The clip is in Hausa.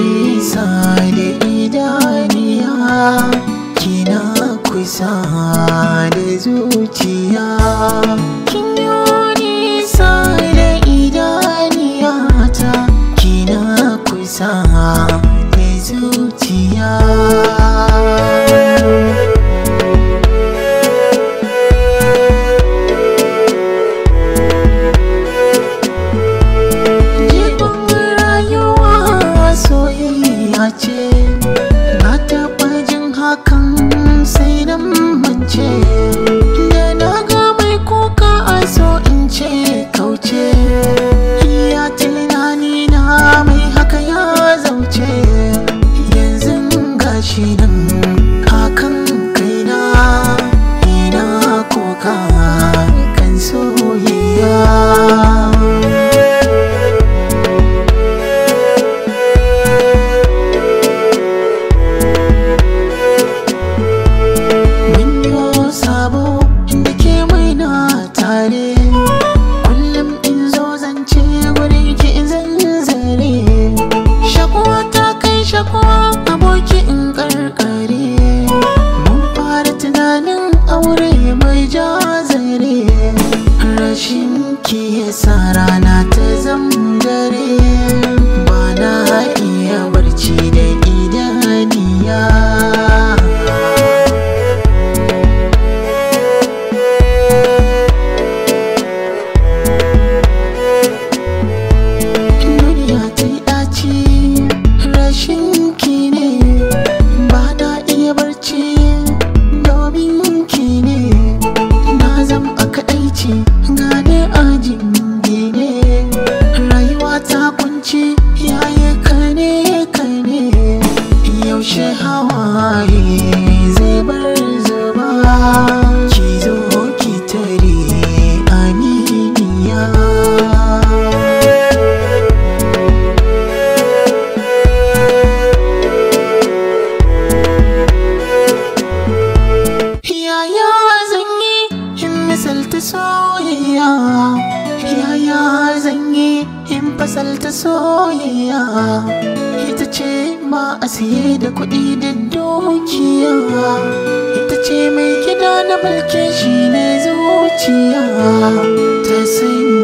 nisa da idaniya kina kusa da zuciya kina nisa da idaniya ta kina kusa ki yasa rana ta zama dare soyayya yaya zan yi in fasalta soyayya ita ce ma a siye da kuɗi da dukiya ita ce mai gida na balke shi ne zuciya ta sanya